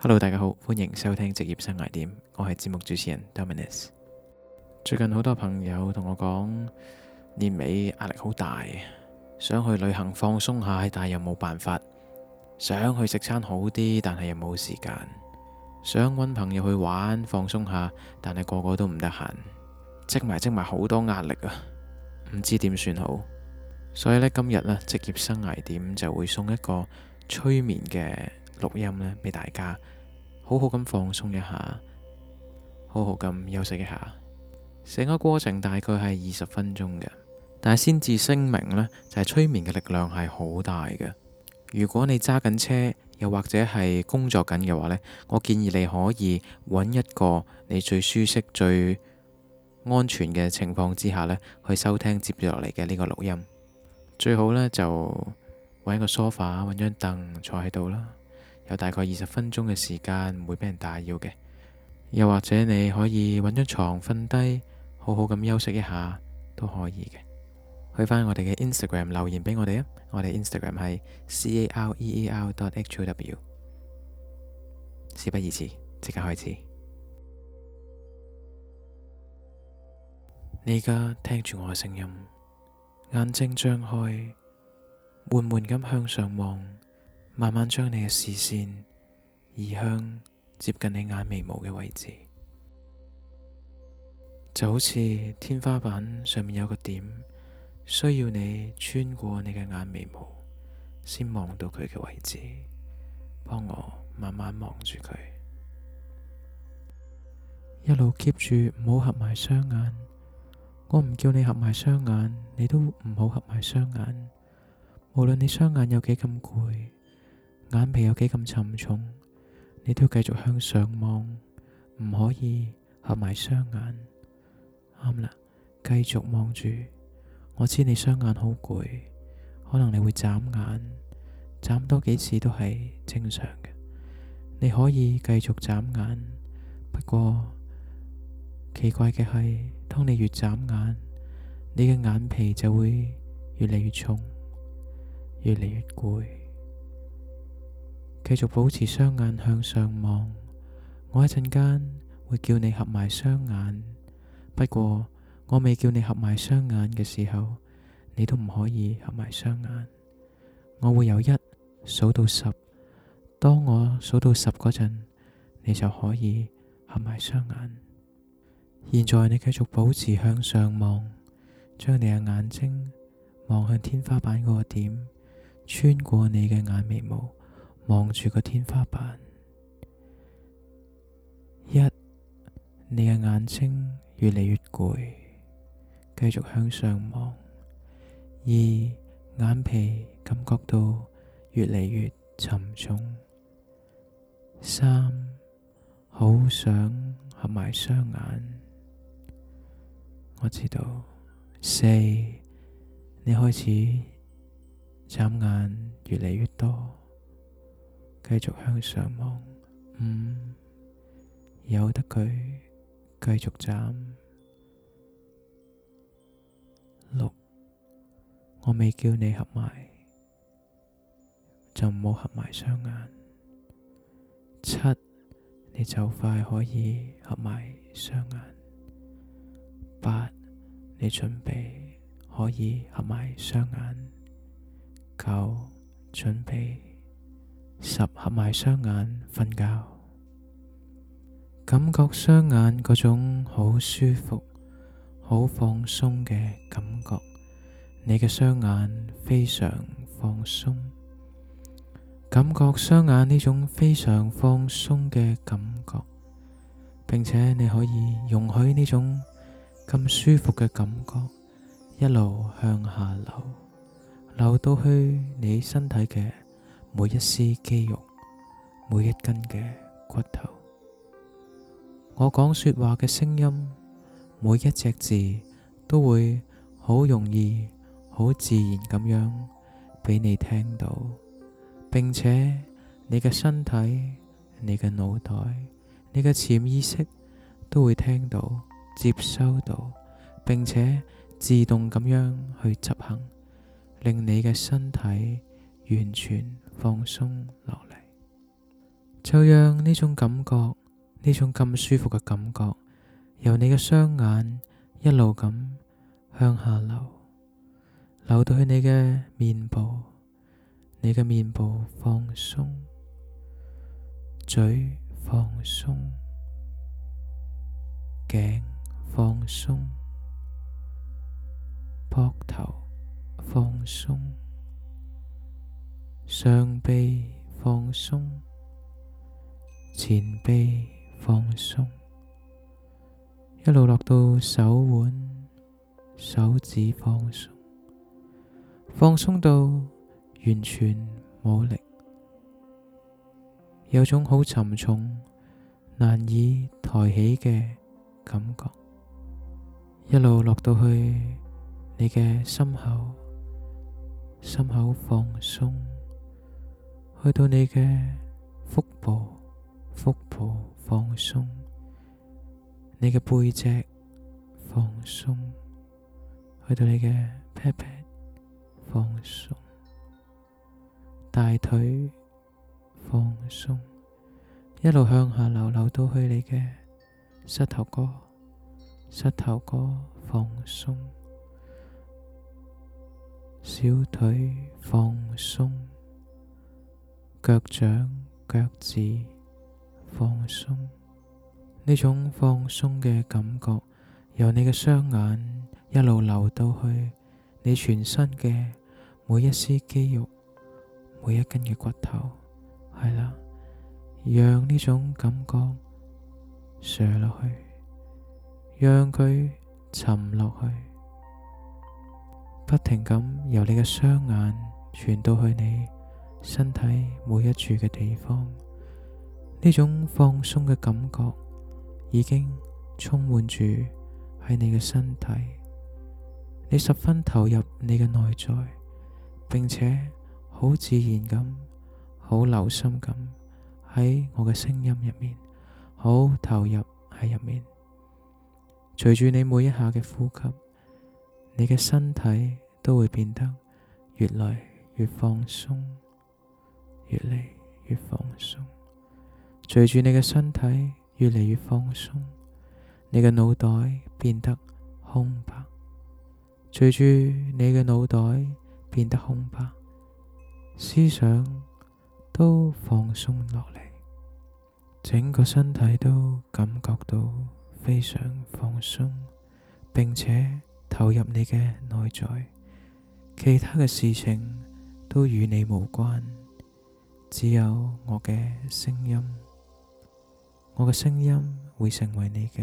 Hello，大家好，歡迎收聽職業生涯點，我係節目主持人 Dominus。最近好多朋友同我講，年尾壓力好大，想去旅行放鬆下，但係又冇辦法；想去食餐好啲，但係又冇時間；想搵朋友去玩放鬆下，但係個個都唔得閒，積埋積埋好多壓力啊，唔知點算好。所以呢，今日呢，職業生涯點就會送一個催眠嘅。錄音咧，俾大家好好咁放鬆一下，好好咁休息一下。成個過程大概係二十分鐘嘅，但係先至聲明呢，就係催眠嘅力量係好大嘅。如果你揸緊車又或者係工作緊嘅話呢，我建議你可以揾一個你最舒適、最安全嘅情況之下呢，去收聽接住落嚟嘅呢個錄音。最好呢，就揾一個梳化揾張凳坐喺度啦，有大概二十分鐘嘅時間唔會俾人打擾嘅，又或者你可以揾張床瞓低，好好咁休息一下都可以嘅。去翻我哋嘅 Instagram 留言俾我哋啊！我哋 Instagram 係 c、a、r、e、e、r. h、o、w。事不宜遲，即刻開始。你而家聽住我嘅聲音，眼睛張開，緩緩咁向上望。慢慢將你嘅視線移向接近你眼眉毛嘅位置，就好似天花板上面有個點，需要你穿過你嘅眼眉毛先望到佢嘅位置。幫我慢慢望住佢，一路 Keep 住唔好合埋雙眼。我唔叫你合埋雙眼，你都唔好合埋雙眼。無論你雙眼有幾咁攰。眼皮有幾咁沉重，你都要繼續向上望，唔可以合埋雙眼。啱啦，繼續望住。我知你雙眼好攰，可能你會眨眼，眨多幾次都係正常嘅。你可以繼續眨眼，不過奇怪嘅係，當你越眨眼，你嘅眼皮就會越嚟越重，越嚟越攰。繼續保持雙眼向上望。我一陣間會叫你合埋雙眼，不過我未叫你合埋雙眼嘅時候，你都唔可以合埋雙眼。我會由一數到十，當我數到十嗰陣，你就可以合埋雙眼。現在你繼續保持向上望，將你嘅眼睛望向天花板嗰個點，穿過你嘅眼眉毛。望住個天花板，一，你嘅眼睛越嚟越攰，繼續向上望；二，眼皮感覺到越嚟越沉重；三，好想合埋雙眼。我知道；四，你開始眨眼越嚟越多。繼續向上望，五，由得佢繼續眨。六，我未叫你合埋，就唔好合埋雙眼。七，你就快可以合埋雙眼。八，你準備可以合埋雙眼。九，準備。十，合埋雙眼瞓覺，感覺雙眼嗰種好舒服、好放鬆嘅感覺。你嘅雙眼非常放鬆，感覺雙眼呢種非常放鬆嘅感覺，並且你可以容許呢種咁舒服嘅感覺一路向下流，流到去你身體嘅。每一絲肌肉，每一根嘅骨頭，我講說話嘅聲音，每一隻字都會好容易、好自然咁樣俾你聽到，並且你嘅身體、你嘅腦袋、你嘅潛意識都會聽到、接收到，並且自動咁樣去執行，令你嘅身體完全。放鬆落嚟，就讓呢種感覺，呢種咁舒服嘅感覺，由你嘅雙眼一路咁向下流，流到去你嘅面部，你嘅面部放鬆，嘴放鬆，頸放鬆，膊頭放鬆。上臂放鬆，前臂放鬆，一路落到手腕、手指放鬆，放鬆到完全冇力，有種好沉重、難以抬起嘅感覺。一路落到去你嘅心口，心口放鬆。去到你嘅腹部，腹部放鬆；你嘅背脊放鬆；去到你嘅屁屁放鬆；大腿放鬆；一路向下流流到去你嘅膝頭哥，膝頭哥放鬆；小腿放鬆。腳掌、腳趾放鬆，呢種放鬆嘅感覺由你嘅雙眼一路流到去你全身嘅每一絲肌肉、每一根嘅骨頭，係啦，讓呢種感覺射落去，讓佢沉落去，不停咁由你嘅雙眼傳到去你。身體每一處嘅地方，呢種放鬆嘅感覺已經充滿住喺你嘅身體。你十分投入你嘅內在，並且好自然咁，好留心咁喺我嘅聲音入面，好投入喺入面。隨住你每一下嘅呼吸，你嘅身體都會變得越來越放鬆。越嚟越放鬆，隨住你嘅身體越嚟越放鬆，你嘅腦袋變得空白，隨住你嘅腦袋變得空白，思想都放鬆落嚟，整個身體都感覺到非常放鬆，並且投入你嘅內在，其他嘅事情都與你無關。只有我嘅聲音，我嘅聲音會成為你嘅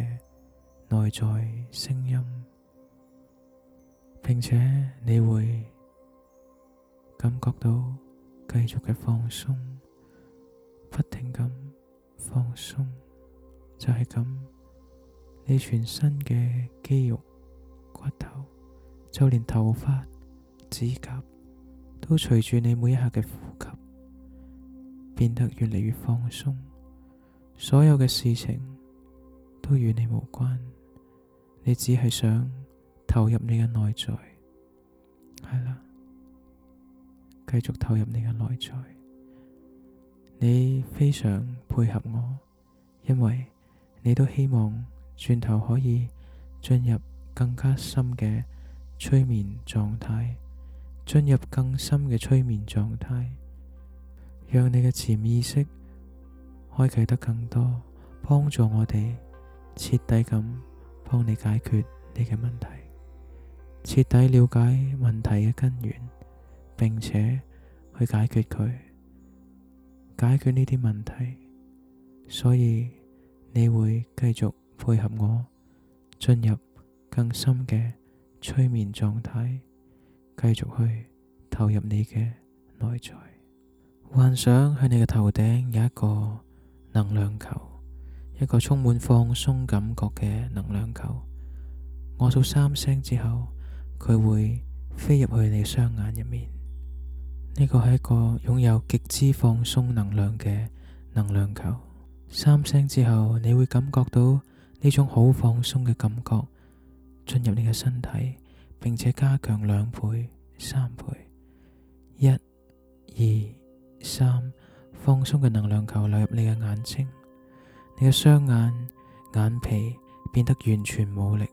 內在聲音，並且你會感覺到繼續嘅放鬆，不停咁放鬆，就係咁。你全身嘅肌肉、骨頭，就連頭髮、指甲，都隨住你每一刻嘅呼吸。變得越嚟越放鬆，所有嘅事情都與你無關，你只係想投入你嘅內在，係啦，繼續投入你嘅內在。你非常配合我，因為你都希望轉頭可以進入更加深嘅催眠狀態，進入更深嘅催眠狀態。讓你嘅潛意識開啟得更多，幫助我哋徹底咁幫你解決你嘅問題，徹底了解問題嘅根源，並且去解決佢，解決呢啲問題。所以你會繼續配合我，進入更深嘅催眠狀態，繼續去投入你嘅內在。幻想喺你嘅頭頂有一個能量球，一個充滿放鬆感覺嘅能量球。我數三聲之後，佢會飛入去你雙眼入面。呢個係一個擁有極之放鬆能量嘅能量球。三聲之後，你會感覺到呢種好放鬆嘅感覺進入你嘅身體，並且加強兩倍、三倍。一、二。三、放鬆嘅能量球流入你嘅眼睛，你嘅雙眼眼皮變得完全冇力。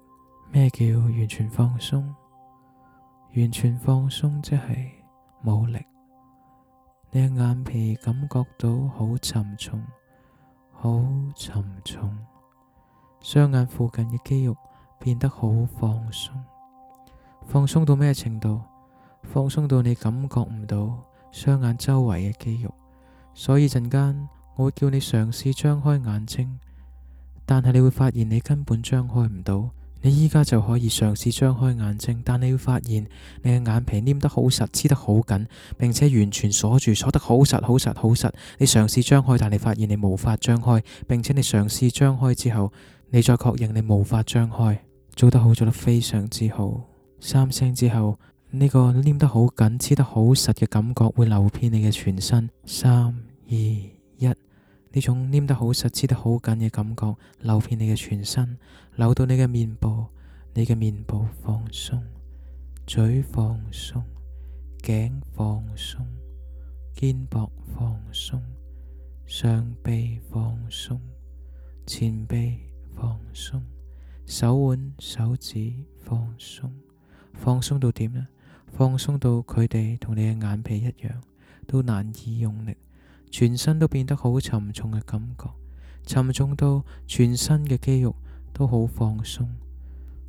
咩叫完全放鬆？完全放鬆即係冇力。你嘅眼皮感覺到好沉重，好沉重。雙眼附近嘅肌肉變得好放鬆，放鬆到咩程度？放鬆到你感覺唔到。雙眼周圍嘅肌肉，所以陣間我會叫你嘗試張開眼睛，但係你會發現你根本張開唔到。你依家就可以嘗試張開眼睛，但你會發現你嘅眼皮黏得好實，黐得好緊，並且完全鎖住，鎖得好實、好實、好實。你嘗試張開，但你發現你無法張開，並且你嘗試張開之後，你再確認你無法張開，做得好，做得非常之好。三聲之後。呢個黏得好緊、黐得好實嘅感覺會流遍你嘅全身，三二一，呢種黏得好實、黐得好緊嘅感覺流遍你嘅全身，流到你嘅面部，你嘅面部放鬆，嘴放鬆，頸放鬆，肩膊放鬆，上臂放鬆，前臂放鬆，手腕、手指放鬆，放鬆到點呢？放鬆到佢哋同你嘅眼皮一樣，都難以用力，全身都變得好沉重嘅感覺，沉重到全身嘅肌肉都好放鬆。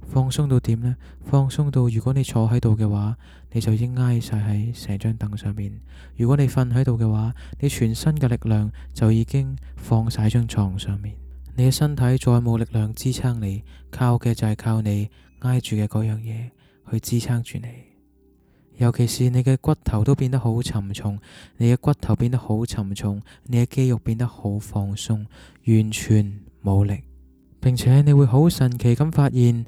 放鬆到點呢？放鬆到如果你坐喺度嘅話，你就已經挨晒喺成張凳上面；如果你瞓喺度嘅話，你全身嘅力量就已經放晒張床上面。你嘅身體再冇力量支撐你，靠嘅就係靠你挨住嘅嗰樣嘢去支撐住你。尤其是你嘅骨頭都變得好沉重，你嘅骨頭變得好沉重，你嘅肌肉變得好放鬆，完全冇力，並且你會好神奇咁發現，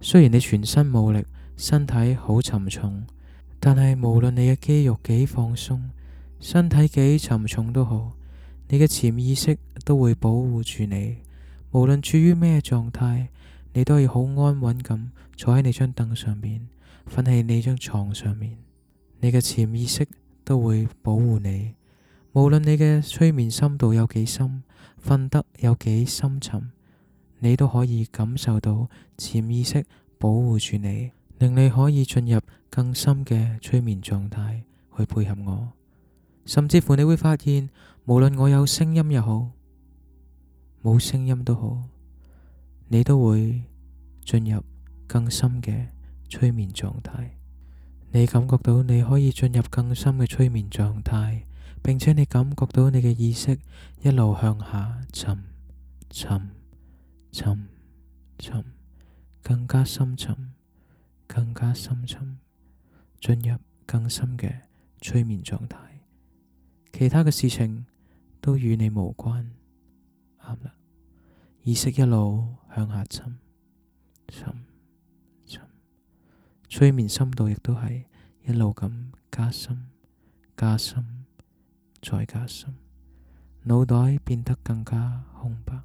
雖然你全身冇力，身體好沉重，但係無論你嘅肌肉幾放鬆，身體幾沉重都好，你嘅潛意識都會保護住你，無論處於咩狀態。你都可以好安穩咁坐喺你張凳上面，瞓喺你張床上面，你嘅潛意識都會保護你。無論你嘅催眠深度有幾深，瞓得有幾深沉，你都可以感受到潛意識保護住你，令你可以進入更深嘅催眠狀態去配合我。甚至乎你會發現，無論我有聲音又好，冇聲音都好。你都會進入更深嘅催眠狀態，你感覺到你可以進入更深嘅催眠狀態，並且你感覺到你嘅意識一路向下沉沉沉沉，更加深沉，更加深沉，進入更深嘅催眠狀態，其他嘅事情都與你無關，啱啦，意識一路。向下沉，沉，沉，催眠深度亦都係一路咁加深、加深、再加深，腦袋變得更加空白，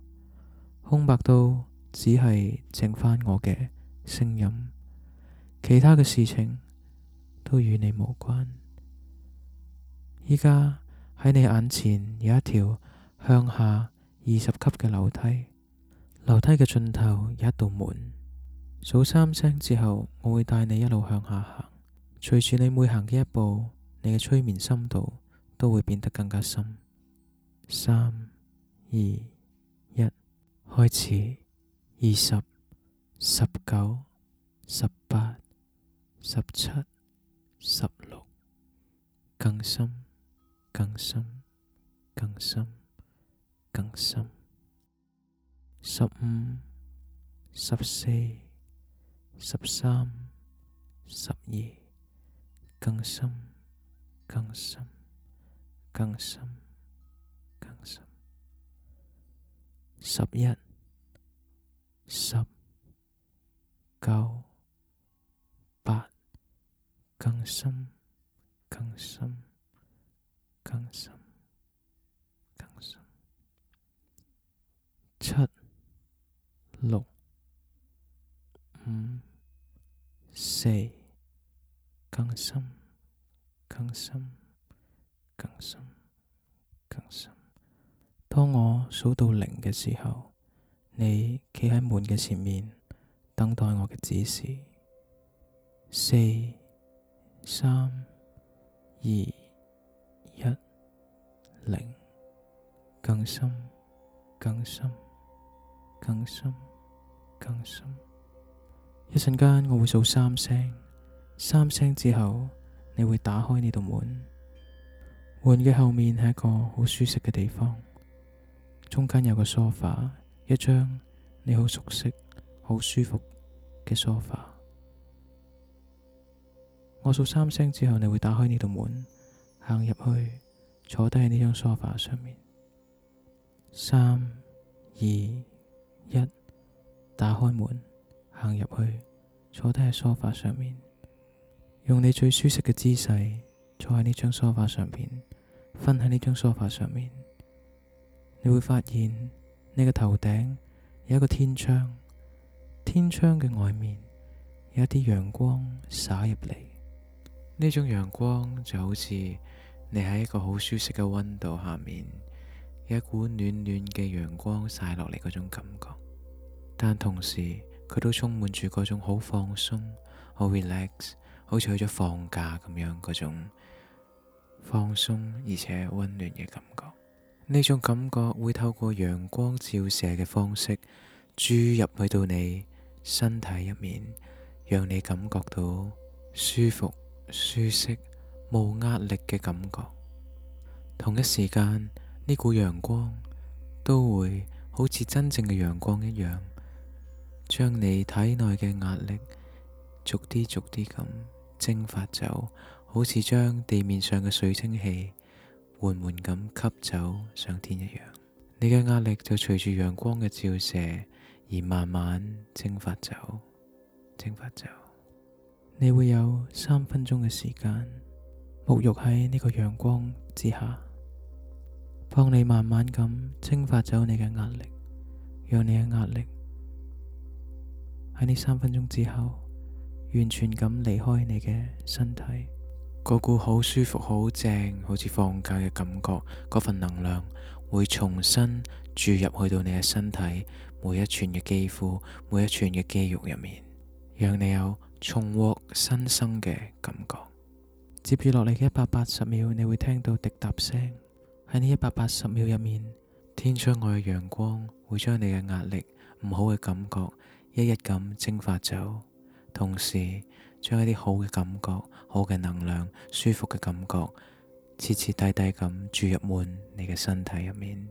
空白到只係剩翻我嘅聲音，其他嘅事情都與你無關。依家喺你眼前有一條向下二十級嘅樓梯。樓梯嘅盡頭有一道門，數三聲之後，我會帶你一路向下行。隨住你每行嘅一步，你嘅催眠深度都會變得更加深。三、二、一，開始。二十、十九、十八、十七、十六，更深、更深、更深、更深。十五、十四、十三、十二，更深、更深、更深、更深。十一、十、九、八，更深、更深、更深、更深。七。六、五、四，更深、更深、更深、更深。當我數到零嘅時候，你企喺門嘅前面，等待我嘅指示。四、三、二、一、零，更深、更深、更深。更深，一瞬間我會數三聲，三聲之後你會打開呢道門，門嘅後面係一個好舒適嘅地方，中間有個 sofa，一張你好熟悉、好舒服嘅 sofa。我數三聲之後你會打開呢道門，行入去坐低喺呢張 sofa 上面，三二一。打開門，行入去，坐低喺梳化上面，用你最舒適嘅姿勢坐喺呢張梳化上面，瞓喺呢張梳化上面，你會發現你嘅頭頂有一個天窗，天窗嘅外面有一啲陽光灑入嚟，呢種陽光就好似你喺一個好舒適嘅溫度下面，有一股暖暖嘅陽光曬落嚟嗰種感覺。但同時，佢都充滿住嗰種好放，放鬆、好 relax，好似去咗放假咁樣嗰種放鬆而且溫暖嘅感覺。呢種感覺會透過陽光照射嘅方式注入去到你身體入面，讓你感覺到舒服、舒適、冇壓力嘅感覺。同一時間，呢股陽光都會好似真正嘅陽光一樣。將你體內嘅壓力逐啲逐啲咁蒸發走，好似將地面上嘅水蒸氣緩緩咁吸走上天一樣。你嘅壓力就隨住陽光嘅照射而慢慢蒸發走，蒸發走。你會有三分鐘嘅時間沐浴喺呢個陽光之下，幫你慢慢咁蒸發走你嘅壓力，讓你嘅壓力。喺呢三分鐘之後，完全咁離開你嘅身體，個股好舒服，好正，好似放假嘅感覺。嗰份能量會重新注入去到你嘅身體每一寸嘅肌膚、每一寸嘅肌肉入面，讓你有重獲新生嘅感覺。接住落嚟嘅一百八十秒，你會聽到滴答聲。喺呢一百八十秒入面，天窗外嘅陽光會將你嘅壓力唔好嘅感覺。一一咁蒸發走，同時將一啲好嘅感覺、好嘅能量、舒服嘅感覺，徹徹底底咁注入滿你嘅身體入面，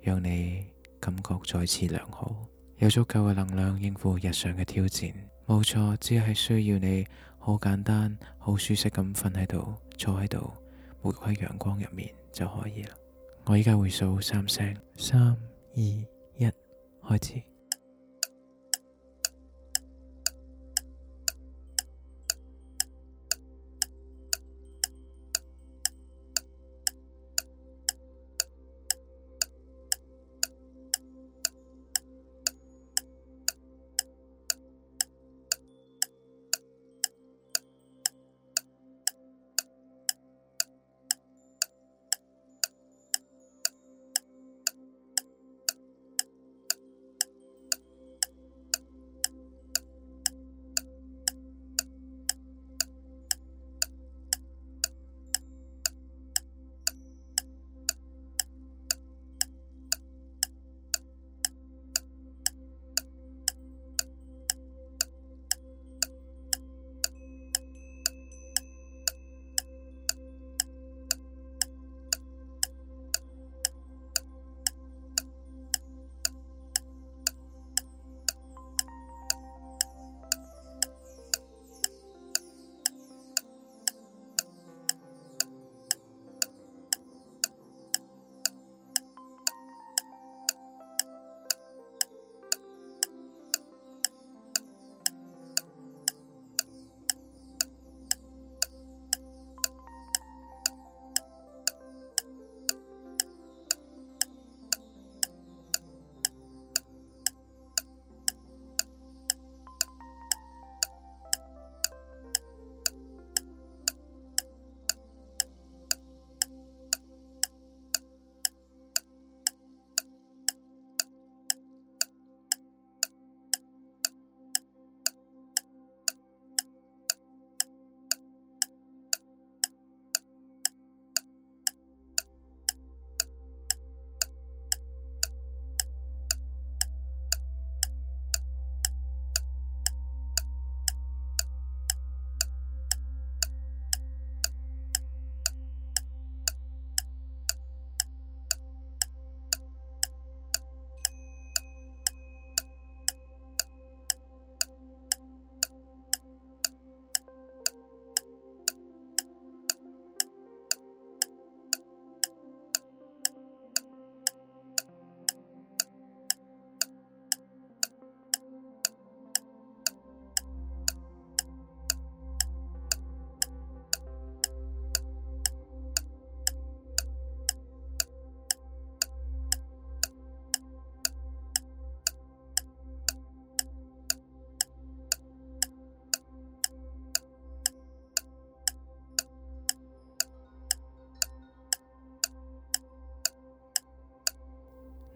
讓你感覺再次良好，有足夠嘅能量應付日常嘅挑戰。冇錯，只係需要你好簡單、好舒適咁瞓喺度、坐喺度，沐浴喺陽光入面就可以啦。我依家會數三聲，三、二、一，開始。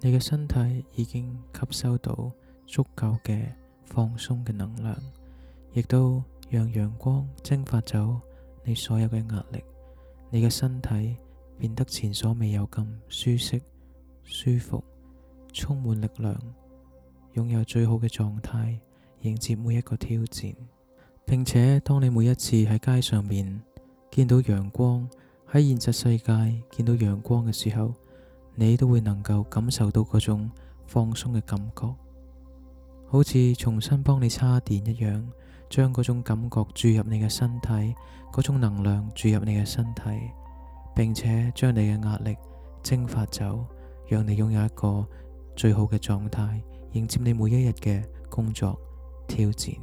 你嘅身體已經吸收到足夠嘅放鬆嘅能量，亦都讓陽光蒸發走你所有嘅壓力。你嘅身體變得前所未有咁舒適、舒服，充滿力量，擁有最好嘅狀態，迎接每一個挑戰。並且當你每一次喺街上面見到陽光，喺現實世界見到陽光嘅時候，你都會能夠感受到嗰種放鬆嘅感覺，好似重新幫你叉電一樣，將嗰種感覺注入你嘅身體，嗰種能量注入你嘅身體，並且將你嘅壓力蒸發走，讓你擁有一個最好嘅狀態迎接你每一日嘅工作、挑戰。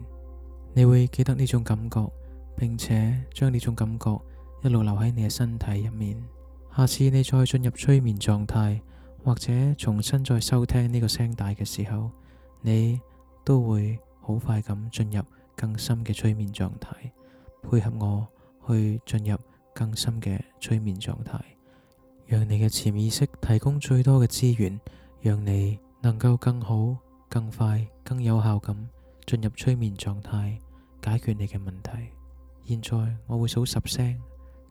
你會記得呢種感覺，並且將呢種感覺一路留喺你嘅身體入面。下次你再進入催眠狀態，或者重新再收聽呢個聲帶嘅時候，你都會好快咁進入更深嘅催眠狀態，配合我去進入更深嘅催眠狀態，讓你嘅潛意識提供最多嘅資源，讓你能夠更好、更快、更有效咁進入催眠狀態，解決你嘅問題。現在我會數十聲，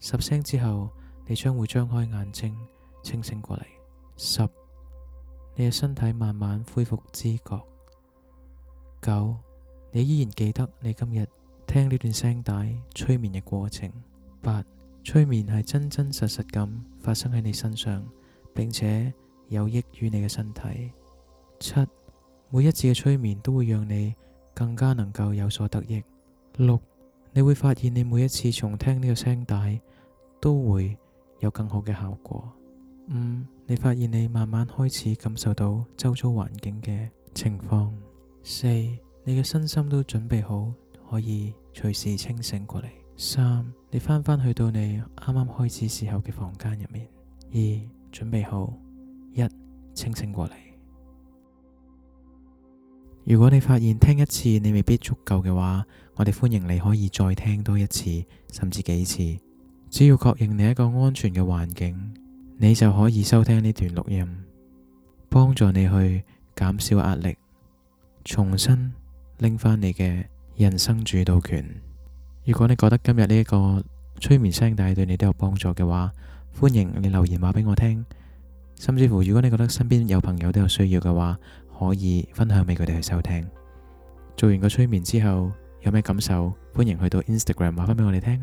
十聲之後。你將會張開眼睛清醒過嚟。十，你嘅身體慢慢恢復知覺。九，你依然記得你今日聽呢段聲帶催眠嘅過程。八，催眠係真真實實咁發生喺你身上，並且有益於你嘅身體。七，每一次嘅催眠都會讓你更加能夠有所得益。六，6. 你會發現你每一次重聽呢個聲帶都會。有更好嘅效果。五，你發現你慢慢開始感受到周遭環境嘅情況。四，你嘅身心都準備好，可以隨時清醒過嚟。三，你返返去到你啱啱開始時候嘅房間入面。二，準備好。一，清醒過嚟。如果你發現聽一次你未必足夠嘅話，我哋歡迎你可以再聽多一次，甚至幾次。只要確認你一個安全嘅環境，你就可以收聽呢段錄音，幫助你去減少壓力，重新拎翻你嘅人生主導權。如果你覺得今日呢一個催眠聲帶對你都有幫助嘅話，歡迎你留言話俾我聽。甚至乎，如果你覺得身邊有朋友都有需要嘅話，可以分享俾佢哋去收聽。做完個催眠之後有咩感受？歡迎去到 Instagram 話翻俾我哋聽。